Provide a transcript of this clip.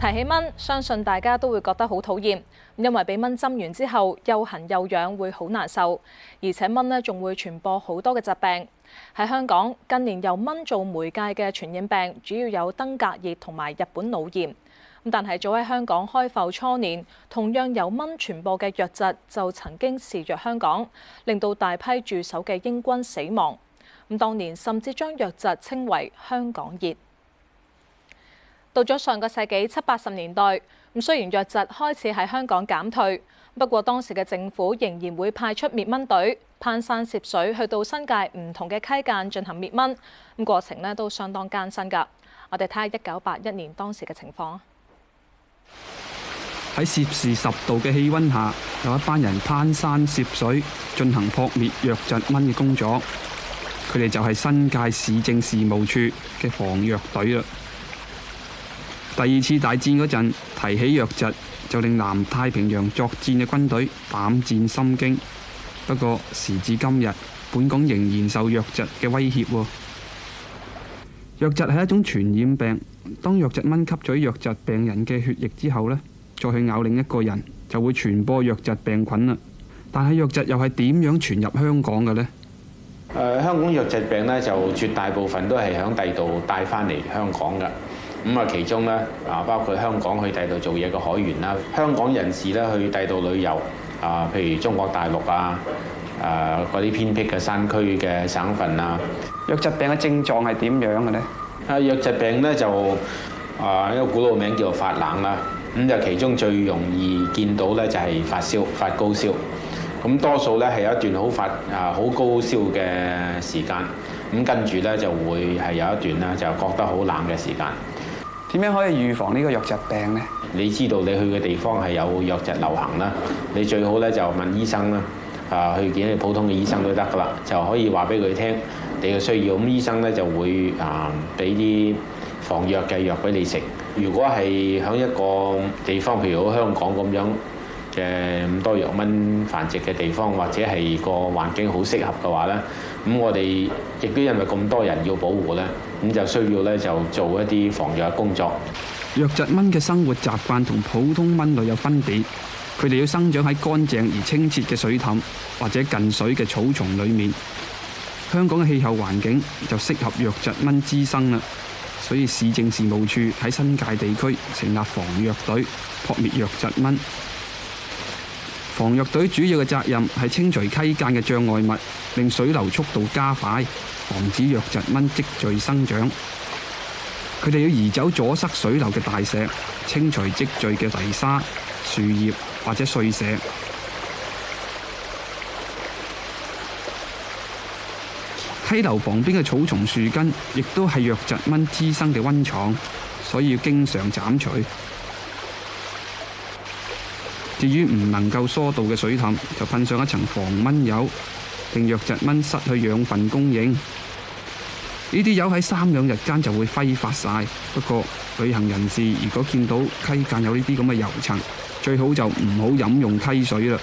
提起蚊，相信大家都會覺得好討厭，因為俾蚊針完之後又痕又癢會好難受，而且蚊呢仲會傳播好多嘅疾病。喺香港近年由蚊做媒介嘅傳染病主要有登革熱同埋日本腦炎。但係早喺香港開埠初年，同樣由蚊傳播嘅瘧疾就曾經肆虐香港，令到大批駐守嘅英軍死亡。咁當年甚至將瘧疾稱為香港熱。到咗上個世紀七八十年代，咁雖然瘧疾開始喺香港減退，不過當時嘅政府仍然會派出滅蚊隊，攀山涉水去到新界唔同嘅溪間進行滅蚊。咁過程呢都相當艱辛噶。我哋睇下一九八一年當時嘅情況。喺攝氏十度嘅氣温下，有一班人攀山涉水進行撲滅瘧疾蚊嘅工作。佢哋就係新界市政事務處嘅防瘧隊啦。第二次大戰嗰陣，提起瘧疾，就令南太平洋作戰嘅軍隊膽戰心驚。不過時至今日，本港仍然受瘧疾嘅威脅。瘧疾係一種傳染病，當瘧疾蚊吸咗瘧疾病人嘅血液之後呢，再去咬另一個人，就會傳播瘧疾病菌啦。但係瘧疾又係點樣傳入香港嘅呢？呃，香港瘧疾病呢，就絕大部分都係響第度帶返嚟香港㗎。咁啊，其中咧啊，包括香港去第度做嘢嘅海員啦，香港人士咧去第度旅遊啊，譬如中國大陸啊，誒嗰啲偏僻嘅山區嘅省份啊。瘧疾病嘅症狀係點樣嘅呢？啊，瘧疾病咧就啊，一個古老名叫做發冷啦。咁就其中最容易見到咧，就係發燒，發高燒。咁多數咧係有一段好發啊，好高燒嘅時間。咁跟住咧就會係有一段咧就覺得好冷嘅時間。點樣可以預防呢個瘧疾病呢？你知道你去嘅地方係有瘧疾流行啦，你最好咧就問醫生啦，啊去見你普通嘅醫生都得㗎啦，就可以話俾佢聽你嘅需要，咁醫生咧就會啊俾啲防瘧嘅藥俾你食。如果係響一個地方譬如好香港咁樣。嘅咁多瘧蚊繁殖嘅地方，或者係個環境好適合嘅話呢，咁我哋亦都因為咁多人要保護呢，咁就需要呢就做一啲防瘧嘅工作。瘧疾蚊嘅生活習慣同普通蚊類有分別，佢哋要生長喺乾淨而清澈嘅水氹或者近水嘅草叢裡面。香港嘅氣候環境就適合瘧疾蚊滋生啦，所以市政事務處喺新界地區成立防瘧隊，撲滅瘧疾蚊。防瘧隊主要嘅責任係清除溪澗嘅障礙物，令水流速度加快，防止瘧疾蚊積聚生長。佢哋要移走阻塞水流嘅大石，清除積聚嘅泥沙、樹葉或者碎石。溪流旁邊嘅草叢、樹根，亦都係瘧疾蚊滋生嘅溫床，所以要經常斬除。至於唔能夠疏導嘅水氹，就噴上一層防蚊油，令瘧疾蚊失去養分供應。呢啲油喺三兩日間就會揮發晒。不過，旅行人士如果見到溪澗有呢啲咁嘅油層，最好就唔好飲用溪水啦。